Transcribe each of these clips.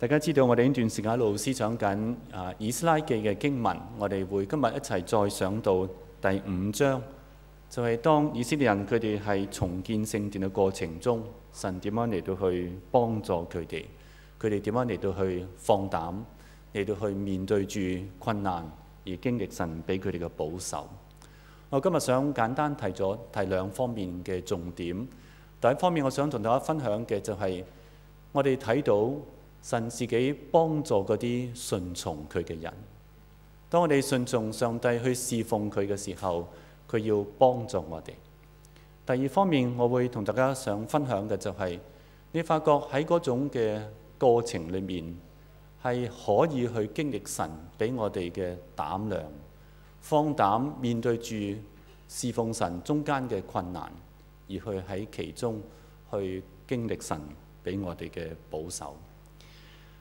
大家知道，我哋呢段時間一路思想緊，啊，《以斯拉記》嘅經文，我哋會今日一齊再上到第五章，就係當以色列人佢哋係重建聖殿嘅過程中，神點樣嚟到去幫助佢哋？佢哋點樣嚟到去放膽嚟到去面對住困難而經歷神俾佢哋嘅保守？我今日想簡單提咗提兩方面嘅重點。第一方面，我想同大家分享嘅就係我哋睇到。神自己幫助嗰啲順從佢嘅人。當我哋順從上帝去侍奉佢嘅時候，佢要幫助我哋。第二方面，我會同大家想分享嘅就係、是、你發覺喺嗰種嘅過程裏面係可以去經歷神畀我哋嘅膽量，放膽面對住侍奉神中間嘅困難，而去喺其中去經歷神畀我哋嘅保守。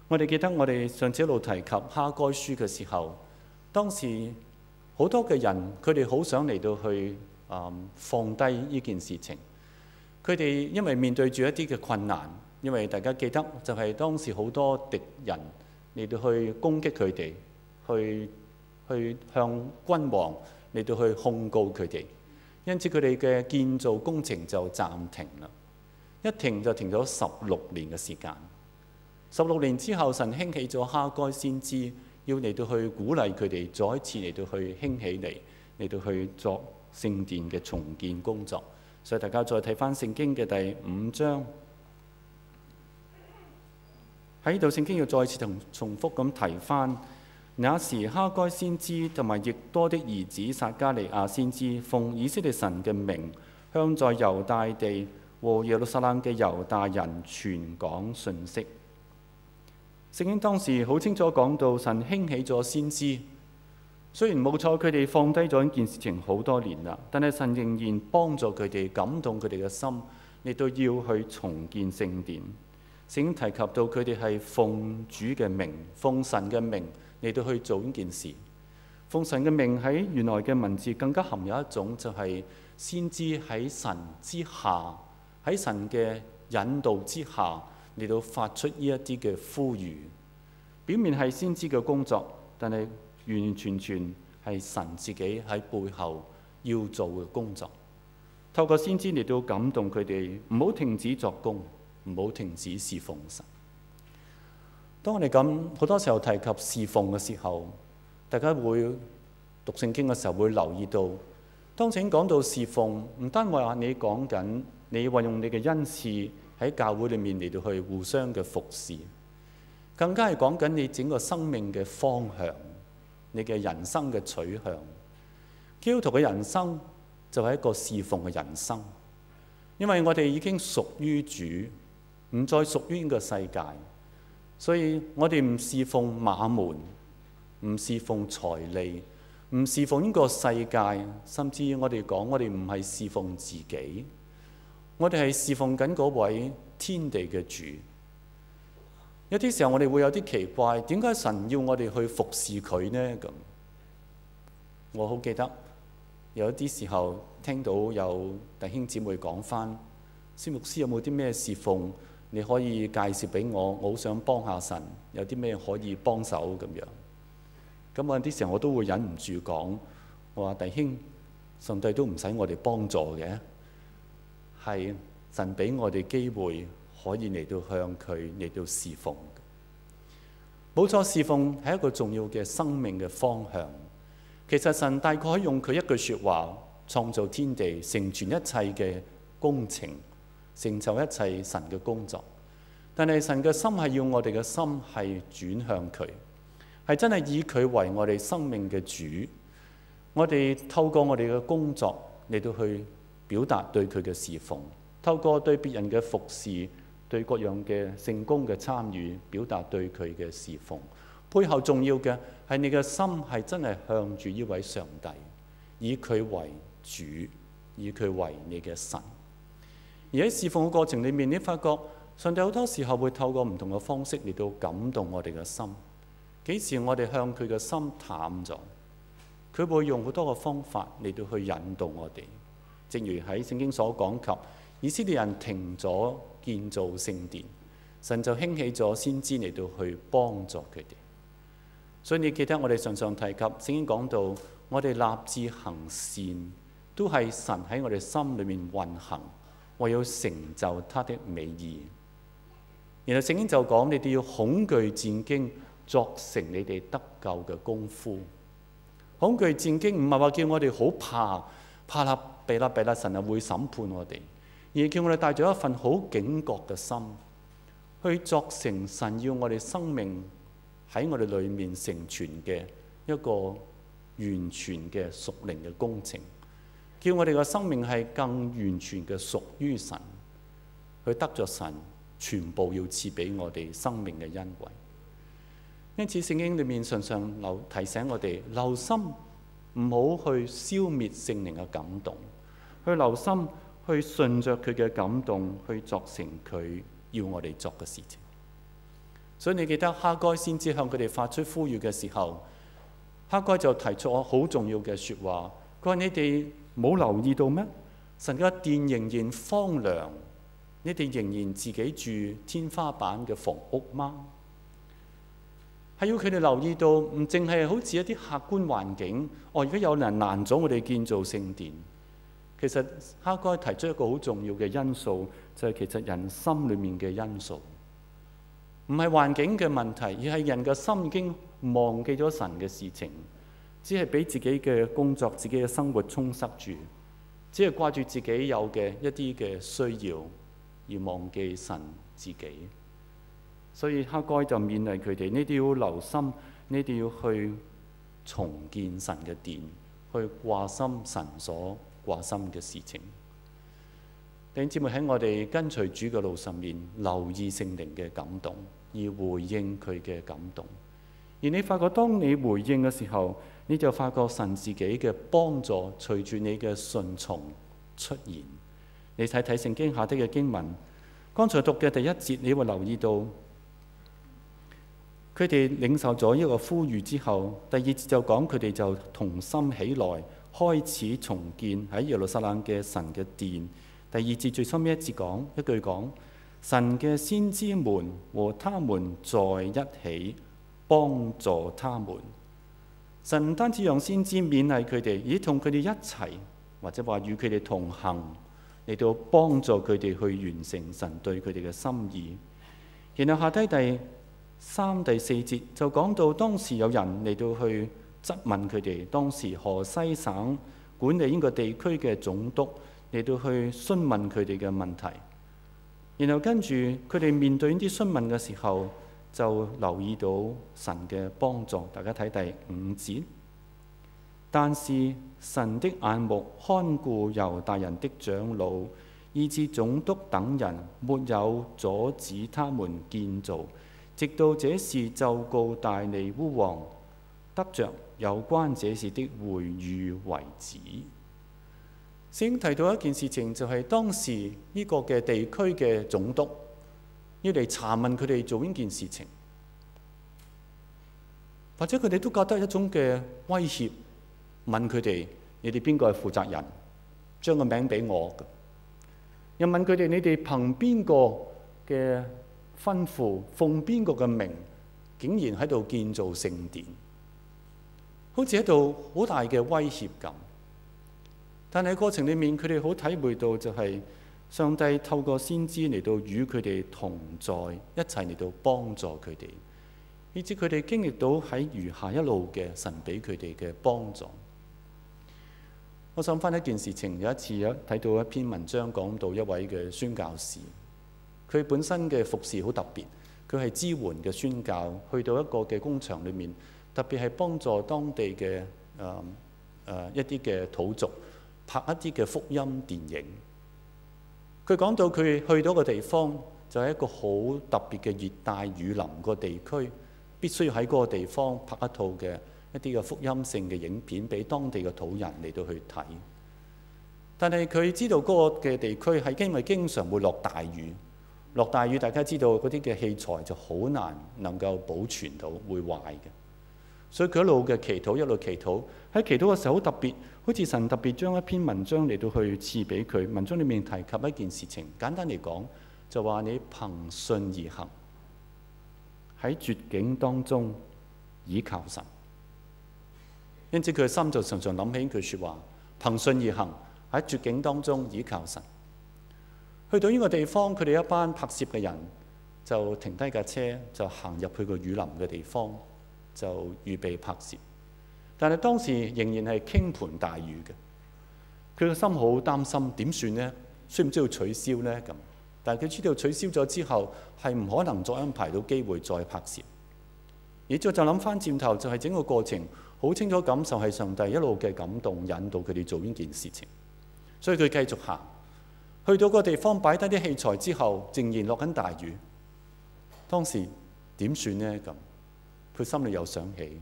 我哋記得我哋上次一路提及哈該書嘅時候，當時好多嘅人，佢哋好想嚟到去啊、嗯、放低呢件事情。佢哋因為面對住一啲嘅困難，因為大家記得就係當時好多敵人嚟到去攻擊佢哋，去去向君王嚟到去控告佢哋，因此佢哋嘅建造工程就暫停啦。一停就停咗十六年嘅時間。十六年之後，神興起咗哈該先知，要嚟到去鼓勵佢哋，再一次嚟到去興起嚟，嚟到去作聖殿嘅重建工作。所以大家再睇翻聖經嘅第五章喺呢度，聖經要再次同重複咁提翻。 那時，哈該先知同埋亦多的兒子撒加利亞先知，奉以色列神嘅名，向在猶大地和耶路撒冷嘅猶大人傳講信息。聖經當時好清楚講到，神興起咗先知。雖然冇錯，佢哋放低咗呢件事情好多年啦，但係神仍然幫助佢哋，感動佢哋嘅心，嚟到要去重建聖殿，聖經提及到佢哋係奉主嘅名，奉神嘅名嚟到去做呢件事。奉神嘅名喺原來嘅文字更加含有一種，就係、是、先知喺神之下，喺神嘅引導之下。嚟到發出呢一啲嘅呼籲，表面係先知嘅工作，但係完完全全係神自己喺背後要做嘅工作。透過先知嚟到感動佢哋，唔好停止作工，唔好停止侍奉神。當我哋咁好多時候提及侍奉嘅時候，大家會讀聖經嘅時候會留意到，當請講到侍奉，唔單話你講緊，你運用你嘅恩賜。喺教會裏面嚟到，去互相嘅服侍，更加係講緊你整個生命嘅方向，你嘅人生嘅取向。基督徒嘅人生就係一個侍奉嘅人生，因為我哋已經屬於主，唔再屬於呢個世界，所以我哋唔侍奉馬門，唔侍奉財利，唔侍奉呢個世界，甚至我哋講我哋唔係侍奉自己。我哋係侍奉緊嗰位天地嘅主，有啲時候我哋會有啲奇怪，點解神要我哋去服侍佢呢？咁我好記得有啲時候聽到有弟兄姊妹講返，蕭牧師，蕭有冇啲咩侍奉，你可以介紹俾我，我好想幫下神，有啲咩可以幫手咁樣。咁有啲時候我都會忍唔住講，我話弟兄，上帝都唔使我哋幫助嘅。係神俾我哋機會可以嚟到向佢嚟到侍奉，冇錯。侍奉係一個重要嘅生命嘅方向。其實神大概可以用佢一句說話，創造天地，成全一切嘅工程，成就一切神嘅工作。但係神嘅心係要我哋嘅心係轉向佢，係真係以佢為我哋生命嘅主。我哋透過我哋嘅工作嚟到去。表達對佢嘅侍奉，透過對別人嘅服侍，對各樣嘅聖工嘅參與，表達對佢嘅侍奉。背後重要嘅係你嘅心係真係向住呢位上帝，以佢為主，以佢為你嘅神。而喺侍奉嘅過程裏面，你發覺上帝好多時候會透過唔同嘅方式嚟到感動我哋嘅心。幾時我哋向佢嘅心淡咗，佢會用好多嘅方法嚟到去引導我哋。正如喺聖經所講及，以色列人停咗建造聖殿，神就興起咗先知嚟到去幫助佢哋。所以你記得我哋常常提及，聖經講到我哋立志行善，都係神喺我哋心裏面運行，為要成就他的美意。然後聖經就講你哋要恐懼戰兢，作成你哋得救嘅功夫。恐懼戰兢唔係話叫我哋好怕怕嚇。俾啦俾啦，神啊會審判我哋，而叫我哋帶咗一份好警覺嘅心，去作成神要我哋生命喺我哋裏面成全嘅一個完全嘅屬靈嘅工程，叫我哋嘅生命係更完全嘅屬於神，去得咗神全部要賜俾我哋生命嘅恩惠。因此聖經裏面常常留提醒我哋留心，唔好去消滅聖靈嘅感動。去留心，去順着佢嘅感動，去作成佢要我哋作嘅事情。所以你記得哈該先至向佢哋發出呼籲嘅時候，哈該就提出我好重要嘅說話。佢話：你哋冇留意到咩？神嘅殿仍然荒涼，你哋仍然自己住天花板嘅房屋嗎？係要佢哋留意到，唔淨係好似一啲客觀環境哦。而家有人攔阻，我哋建造聖殿。其實哈該提出一個好重要嘅因素，就係、是、其實人心裡面嘅因素，唔係環境嘅問題，而係人嘅心已經忘記咗神嘅事情，只係俾自己嘅工作、自己嘅生活充塞住，只係掛住自己有嘅一啲嘅需要而忘記神自己。所以哈該就勉勵佢哋：呢啲要留心，呢啲要去重建神嘅殿，去掛心神所掛心嘅事情。弟兄姊妹，喺我哋跟隨主嘅路上面，留意聖靈嘅感動而回應佢嘅感動，而你發覺當你回應嘅時候，你就發覺神自己嘅幫助隨住你嘅順從出現。你睇睇聖經下啲嘅經文，剛才讀嘅第一節你會留意到，佢哋領受咗一個呼籲之後，第二節就講佢哋就同心起來，開始重建喺耶路撒冷嘅神嘅殿。第二節最深尾一節講一句講，神嘅先知們和他們在一起幫助他們。神唔單止讓先知勉勵佢哋，而同佢哋一齊或者話與佢哋同行嚟到幫助佢哋去完成神對佢哋嘅心意。然後下低第三、第四節就講到當時有人嚟到去。質問佢哋，當時河西省管理呢個地區嘅總督嚟到去詢問佢哋嘅問題，然後跟住佢哋面對呢啲詢問嘅時候，就留意到神嘅幫助。大家睇第五節，但是神的眼目看顧猶大人的長老，以致總督等人沒有阻止他們建造，直到這事就告大利烏王。得着有關這事的回預為止。先提到一件事情，就係當時呢個嘅地區嘅總督要嚟查問佢哋做呢件事情，或者佢哋都覺得一種嘅威脅。問佢哋：你哋邊個係負責人？將個名俾我。又問佢哋：你哋憑邊個嘅吩咐，奉邊個嘅名，竟然喺度建造聖殿？好似喺度好大嘅威脅感，但係過程裏面佢哋好體會到就係上帝透過先知嚟到與佢哋同在，一齊嚟到幫助佢哋，以至佢哋經歷到喺餘下一路嘅神俾佢哋嘅幫助。我想翻一件事情，有一次有睇到一篇文章講到一位嘅宣教士，佢本身嘅服侍好特別，佢係支援嘅宣教，去到一個嘅工場裡面。特別係幫助當地嘅誒誒一啲嘅土族拍一啲嘅福音電影。佢講到佢去到個地方就係一個好特別嘅熱帶雨林個地區，必須要喺嗰個地方拍一套嘅一啲嘅福音性嘅影片俾當地嘅土人嚟到去睇。但係佢知道嗰個嘅地區係因為經常會落大雨，落大雨大家知道嗰啲嘅器材就好難能夠保存到，會壞嘅。所以佢一路嘅祈禱，一路祈禱。喺祈禱嘅時候好特別，好似神特別將一篇文章嚟到去賜俾佢。文章裏面提及一件事情，簡單嚟講就話你憑信而行，喺絕境當中倚靠神。因此佢嘅心就常常諗起呢句説話：憑信而行，喺絕境當中倚靠神。去到呢個地方，佢哋一班拍攝嘅人就停低架車，就行入去個雨林嘅地方。就預備拍攝，但係當時仍然係傾盆大雨嘅。佢個心好擔心，點算呢？需唔需要取消呢？咁，但係佢知道取消咗之後係唔可能再安排到機會再拍攝。而再就諗翻轉頭，就係整個過程好清楚感受係上帝一路嘅感動引導佢哋做呢件事情，所以佢繼續行，去到個地方擺低啲器材之後，仍然落緊大雨。當時點算呢？咁。佢心裏又想起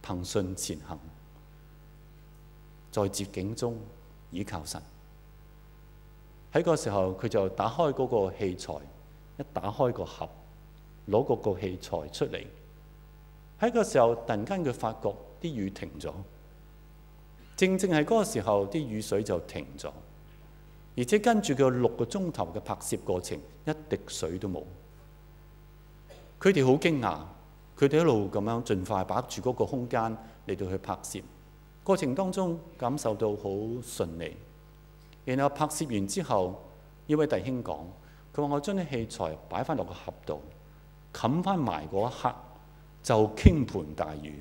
騰訊前行，在絕境中倚靠神。喺個時候，佢就打開嗰個器材，一打開個盒，攞嗰個器材出嚟。喺個時候，突然間佢發覺啲雨停咗，正正係嗰個時候，啲雨水就停咗，而且跟住佢六個鐘頭嘅拍攝過程，一滴水都冇。佢哋好驚訝。佢哋一路咁樣盡快把握住嗰個空間嚟到去拍攝，過程當中感受到好順利。然後拍攝完之後，呢位弟兄講，佢話我將啲器材擺翻落個盒度，冚翻埋嗰一刻就傾盆大雨。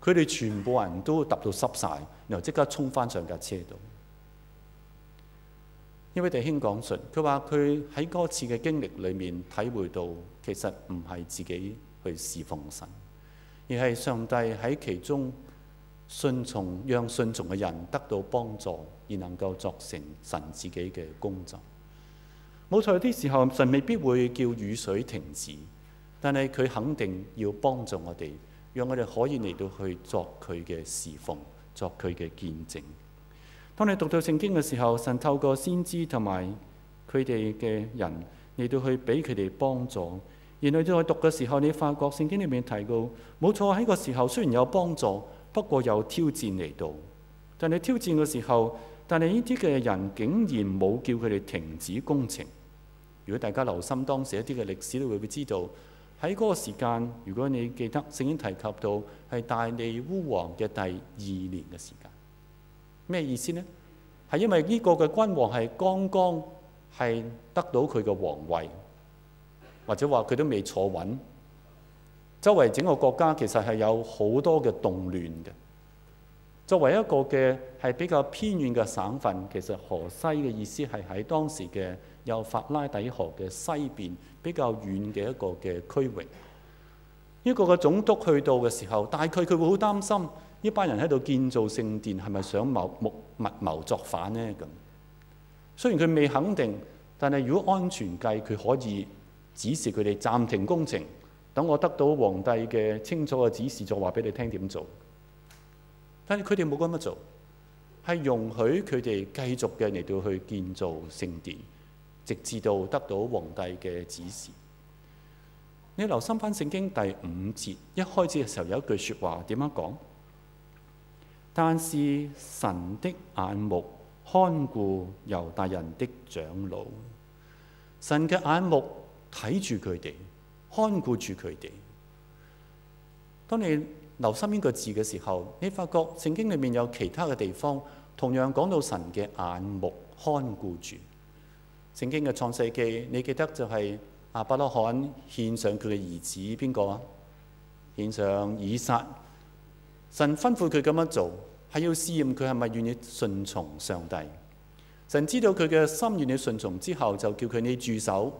佢哋全部人都揼到濕晒，然後即刻衝翻上架車度。呢位弟兄講述，佢話佢喺嗰次嘅經歷裏面體會到，其實唔係自己。去侍奉神，而係上帝喺其中順從，讓順從嘅人得到幫助，而能夠作成神自己嘅工作。冇錯，有啲時候神未必會叫雨水停止，但係佢肯定要幫助我哋，讓我哋可以嚟到去作佢嘅侍奉，作佢嘅見證。當你讀到聖經嘅時候，神透過先知同埋佢哋嘅人嚟到去俾佢哋幫助。然後在讀嘅時候，你發覺聖經裏面提到，冇錯喺個時候雖然有幫助，不過有挑戰嚟到。但你挑戰嘅時候，但係呢啲嘅人竟然冇叫佢哋停止工程。如果大家留心當時一啲嘅歷史，會會知道喺嗰個時間，如果你記得聖經提及到係大利烏王嘅第二年嘅時間，咩意思呢？係因為呢個嘅君王係剛剛係得到佢嘅皇位。或者話佢都未坐穩，周圍整個國家其實係有好多嘅動亂嘅。作為一個嘅係比較偏遠嘅省份，其實河西嘅意思係喺當時嘅幼發拉底河嘅西邊比較遠嘅一個嘅區域。呢個嘅總督去到嘅時候，大概佢會好擔心「呢班人喺度建造聖殿係咪想謀密密謀作反呢？」咁雖然佢未肯定，但係如果安全計，佢可以。指示佢哋暫停工程，等我得到皇帝嘅清楚嘅指示，再話俾你聽點做。但係佢哋冇咁樣做，係容許佢哋繼續嘅嚟到去建造聖殿，直至到得到皇帝嘅指示。你留心返聖經第五節一開始嘅時候有一句説話點樣講？但是神的眼目看顧猶大人的長老，神嘅眼目。睇住佢哋，看顧住佢哋。當你留心呢個字嘅時候，你發覺聖經裏面有其他嘅地方，同樣講到神嘅眼目看顧住。聖經嘅創世記，你記得就係亞伯拉罕獻上佢嘅兒子邊個啊？獻上以撒。神吩咐佢咁樣做，係要試驗佢係咪願意順從上帝。神知道佢嘅心願意順從之後，就叫佢你住手。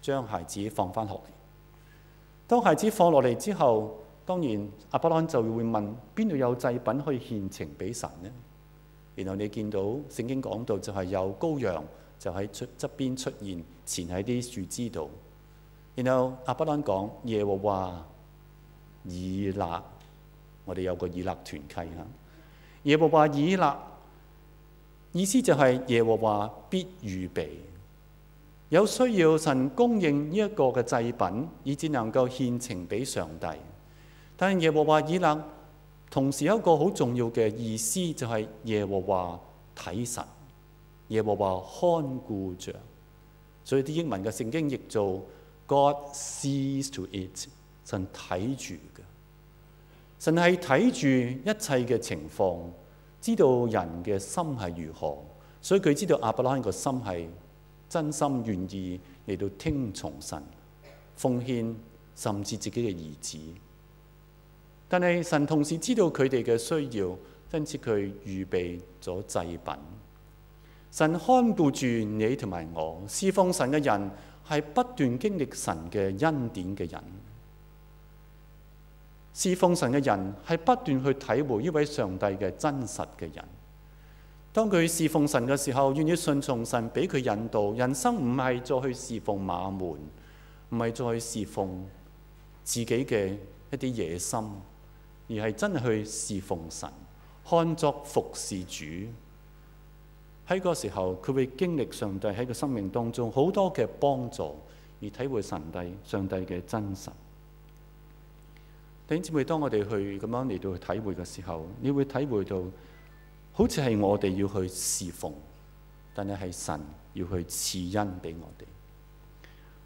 將孩子放翻落嚟。當孩子放落嚟之後，當然亞伯拉罕就會問：邊度有祭品可以獻呈俾神呢？然後你見到聖經講到就係有羔羊就喺側側邊出現，纏喺啲樹枝度。然後亞伯拉罕講：耶和華以勒，我哋有個以勒團契啦。耶和華以勒，意思就係耶和華必預備。有需要，神供應呢一個嘅祭品，以至能夠獻呈俾上帝。但係耶和華以勒同時有一個好重要嘅意思，就係耶和華睇神，耶和華看顧着。所以啲英文嘅聖經譯做 God sees to it，神睇住嘅，神係睇住一切嘅情況，知道人嘅心係如何，所以佢知道阿伯拉罕個心係。真心願意嚟到聽從神、奉獻，甚至自己嘅兒子。但係神同時知道佢哋嘅需要，因此佢預備咗祭品。神看顧住你同埋我，侍奉神嘅人係不斷經歷神嘅恩典嘅人。侍奉神嘅人係不斷去體會呢位上帝嘅真實嘅人。當佢侍奉神嘅時候，願意順從神，俾佢引導。人生唔係再去侍奉馬門，唔係再去侍奉自己嘅一啲野心，而係真係去侍奉神，看作服侍主。喺嗰個時候，佢會經歷上帝喺個生命當中好多嘅幫助，而體會神帝、上帝嘅真實。弟兄姊妹，當我哋去咁樣嚟到去體會嘅時候，你會體會到。好似係我哋要去侍奉，但係係神要去賜恩俾我哋。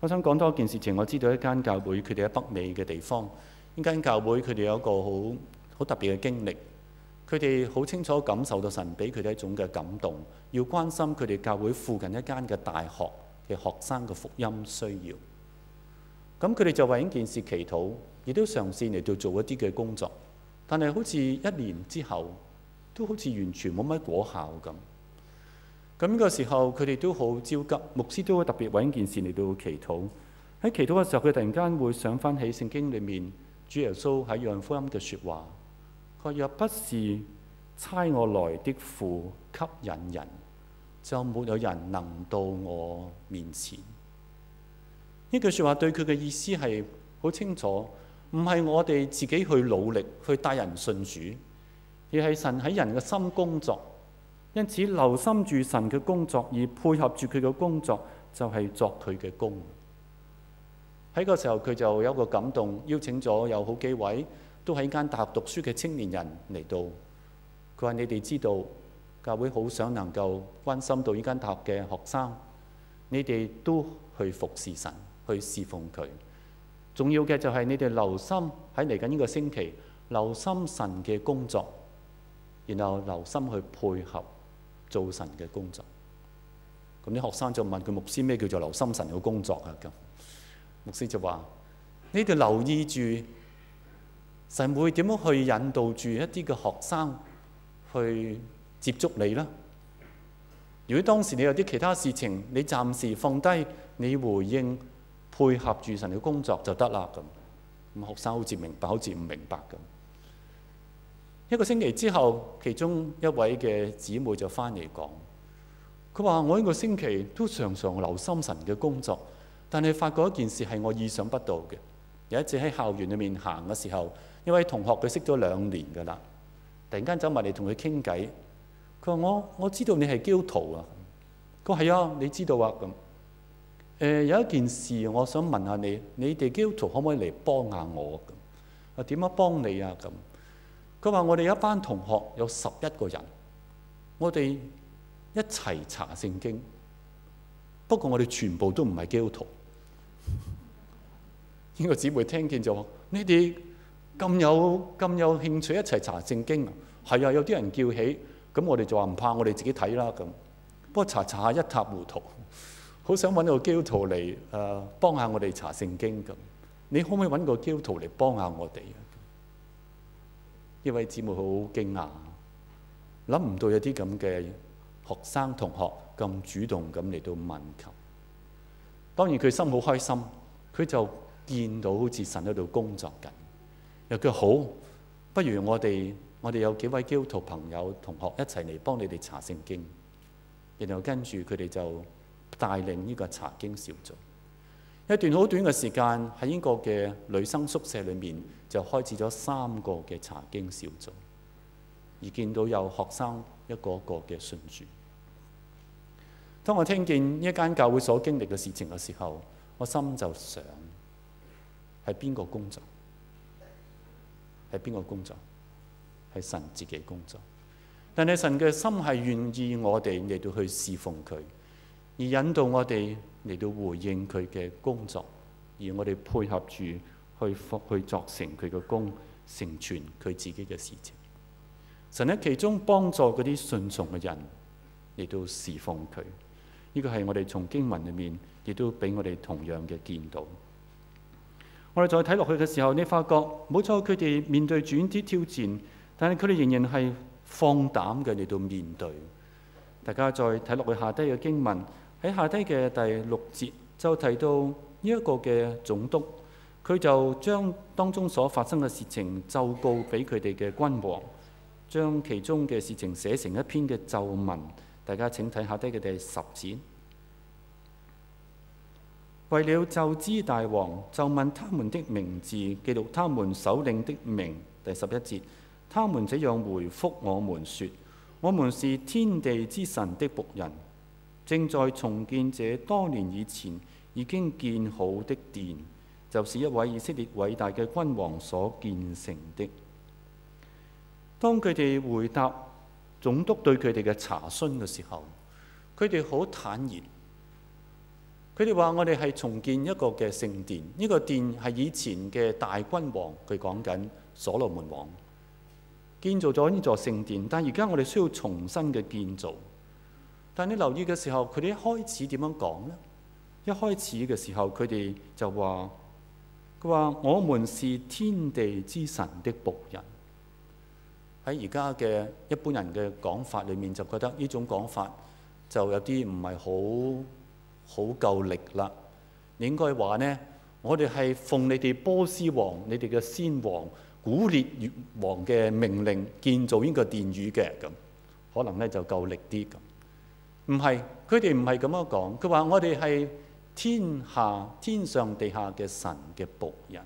我想講多一件事情，我知道一間教會，佢哋喺北美嘅地方，呢間教會佢哋有一個好好特別嘅經歷，佢哋好清楚感受到神俾佢哋一種嘅感動，要關心佢哋教會附近一間嘅大學嘅學生嘅福音需要。咁佢哋就為呢件事祈禱，亦都嘗試嚟到做一啲嘅工作，但係好似一年之後。都好似完全冇乜果效咁。咁個時候，佢哋都好焦急，牧師都會特別揾件事嚟到祈禱。喺祈禱嘅時候，佢突然間會想翻起聖經裏面主耶穌喺約翰福音嘅說話：佢若不是差我來的父吸引人，就沒有人能到我面前。呢句說話對佢嘅意思係好清楚，唔係我哋自己去努力去帶人信主。而係神喺人嘅心工作，因此留心住神嘅工作，而配合住佢嘅工作，就係作佢嘅工。喺個時候，佢就有一個感動，邀請咗有好幾位都喺間大學讀書嘅青年人嚟到。佢話：你哋知道教會好想能夠關心到呢間大學嘅學生，你哋都去服侍神，去侍奉佢。重要嘅就係你哋留心喺嚟緊呢個星期，留心神嘅工作。然後留心去配合做神嘅工作，咁啲學生就問佢，牧師，咩叫做留心神嘅工作啊？咁牧師就話：你哋留意住神會點樣去引導住一啲嘅學生去接觸你啦。如果當時你有啲其他事情，你暫時放低，你回應配合住神嘅工作就得啦。咁咁學生好似明白，好似唔明白咁。一個星期之後，其中一位嘅姊妹就翻嚟講，佢話我呢個星期都常常留心神嘅工作，但係發覺一件事係我意想不到嘅。有一次喺校園裏面行嘅時候，一位同學佢識咗兩年㗎啦，突然間走埋嚟同佢傾偈。佢話，我我知道你係基督徒啊。佢話係啊，你知道啊咁。誒、呃、有一件事我想問下你，你哋基督徒可唔可以嚟幫下我咁。啊，點樣幫你啊咁？佢話：我哋一班同學有十一個人，我哋一齊查聖經。不過我哋全部都唔係基督徒。呢個姊妹聽見就話：你哋咁有咁有興趣一齊查聖經啊？係啊，有啲人叫起，咁我哋就話唔怕，我哋自己睇啦咁。不過查查下一塌糊塗，好想搵個基督徒嚟誒幫下我哋查聖經咁。你可唔可以搵個基督徒嚟幫下我哋啊？呢位姊妹好驚訝，諗唔到有啲咁嘅學生同學咁主動咁嚟到問求。當然，佢心好開心，佢就見到好似神喺度工作緊，又佢好，不如我哋我哋有幾位基督徒朋友同學一齊嚟幫你哋查聖經，然後跟住佢哋就帶領呢個查經小組。一段好短嘅時間喺英國嘅女生宿舍裏面就開始咗三個嘅查經小組，而見到有學生一個一個嘅信主。當我聽見呢一間教會所經歷嘅事情嘅時候，我心就想：係邊個工作？係邊個工作？係神自己工作？但係神嘅心係願意我哋嚟到去侍奉佢。而引導我哋嚟到回應佢嘅工作，而我哋配合住去去作成佢嘅工，成全佢自己嘅事情。神喺其中幫助嗰啲順從嘅人嚟到侍奉佢，呢個係我哋從經文裏面亦都俾我哋同樣嘅見到。我哋再睇落去嘅時候，你發覺冇錯，佢哋面對轉啲挑戰，但係佢哋仍然係放膽嘅嚟到面對。大家再睇落去下低嘅經文。喺下低嘅第六節就提到呢一個嘅總督，佢就將當中所發生嘅事情奏告俾佢哋嘅君王，將其中嘅事情寫成一篇嘅奏文。大家請睇下低嘅第十節，為了奏知大王，就問他們的名字，記錄他們首領的名。第十一節，他們這樣回覆我們說：我們是天地之神的僕人。正在重建者多年以前已經建好的殿，就是一位以色列偉大嘅君王所建成的。當佢哋回答總督對佢哋嘅查詢嘅時候，佢哋好坦然。佢哋話：我哋係重建一個嘅聖殿，呢個殿係以前嘅大君王，佢講緊所羅門王，建造咗呢座聖殿，但而家我哋需要重新嘅建造。但你留意嘅時候，佢哋一開始點樣講咧？一開始嘅時候，佢哋就話，佢話，我們是天地之神的僕人。喺而家嘅一般人嘅講法裏面，就覺得呢種講法就有啲唔係好好夠力啦。你應該話咧，我哋係奉你哋波斯王、你哋嘅先王古列王嘅命令建造呢個殿宇嘅咁，可能咧就夠力啲咁。唔係，佢哋唔係咁樣講。佢話我哋係天下天上地下嘅神嘅僕人。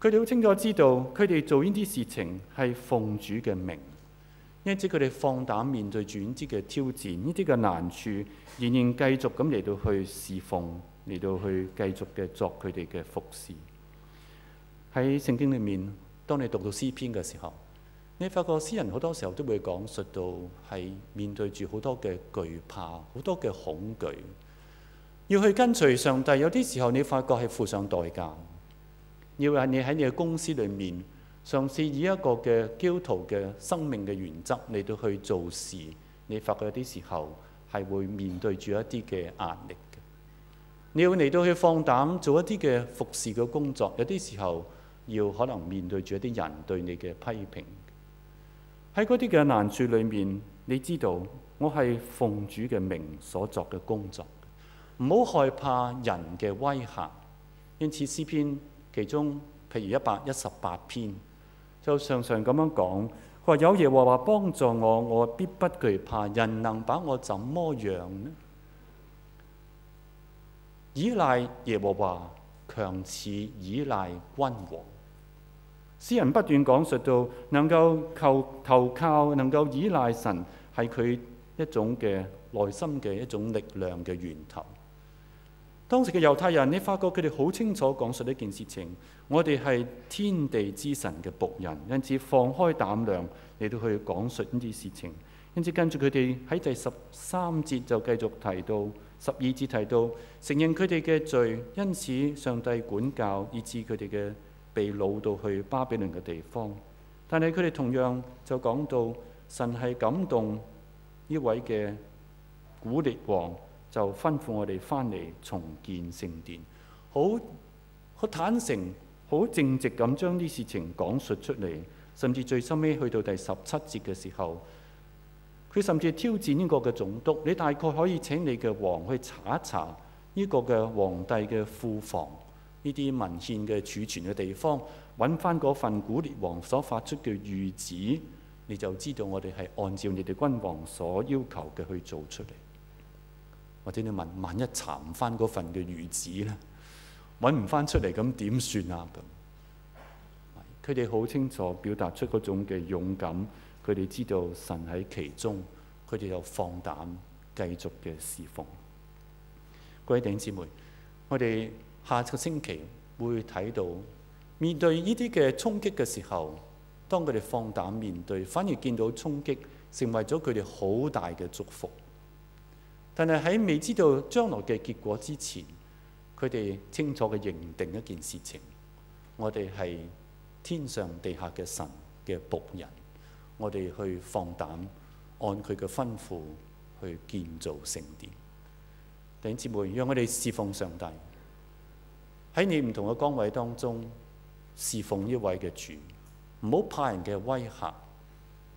佢哋好清楚知道，佢哋做呢啲事情係奉主嘅名，因此佢哋放膽面對轉折嘅挑戰，呢啲嘅難處仍然，然繼續咁嚟到去侍奉，嚟到去繼續嘅作佢哋嘅服侍。喺聖經裏面，當你讀到詩篇嘅時候。你發覺詩人好多時候都會講述到係面對住好多嘅懼怕，好多嘅恐懼，要去跟隨上帝。有啲時候你發覺係付上代價，要係你喺你嘅公司裏面，嘗試以一個嘅基督徒嘅生命嘅原則嚟到去做事。你發覺有啲時候係會面對住一啲嘅壓力，你要嚟到去放膽做一啲嘅服侍嘅工作。有啲時候要可能面對住一啲人對你嘅批評。喺嗰啲嘅難處裏面，你知道我係奉主嘅名所作嘅工作，唔好害怕人嘅威嚇。因此詩篇其中譬如一百一十八篇就常常咁樣講，佢話有耶和華幫助我，我必不懼怕。人能把我怎麼樣呢？依賴耶和華強似依賴君王。詩人不斷講述到能夠，能夠求投靠、能夠依賴神，係佢一種嘅內心嘅一種力量嘅源頭。當時嘅猶太人，你發覺佢哋好清楚講述呢件事情。我哋係天地之神嘅僕人，因此放開膽量嚟到去講述呢啲事情。因此跟住佢哋喺第十三節就繼續提到，十二節提到承認佢哋嘅罪，因此上帝管教，以至佢哋嘅。被擄到去巴比倫嘅地方，但係佢哋同樣就講到神係感動呢位嘅古列王，就吩咐我哋翻嚟重建聖殿。好，好坦誠，好正直咁將啲事情講述出嚟，甚至最深尾去到第十七節嘅時候，佢甚至挑戰呢個嘅總督：你大概可以請你嘅王去查一查呢個嘅皇帝嘅庫房。呢啲文獻嘅儲存嘅地方，揾翻嗰份古列王所發出嘅諭旨，你就知道我哋係按照你哋君王所要求嘅去做出嚟。或者你問：萬一查唔翻嗰份嘅諭旨咧，揾唔翻出嚟咁點算啊？咁佢哋好清楚表達出嗰種嘅勇敢，佢哋知道神喺其中，佢哋又放膽繼續嘅侍奉。各位弟兄姊妹，我哋。下個星期會睇到面對呢啲嘅衝擊嘅時候，當佢哋放膽面對，反而見到衝擊成為咗佢哋好大嘅祝福。但係喺未知道將來嘅結果之前，佢哋清楚嘅認定一件事情：我哋係天上地下嘅神嘅僕人，我哋去放膽按佢嘅吩咐去建造聖殿。弟兄姊妹，讓我哋侍奉上帝。喺你唔同嘅崗位當中侍奉呢位嘅主，唔好怕人嘅威嚇，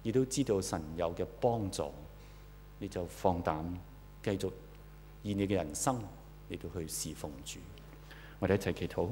亦都知道神有嘅幫助，你就放膽繼續以你嘅人生嚟到去侍奉主。我哋一齊祈禱。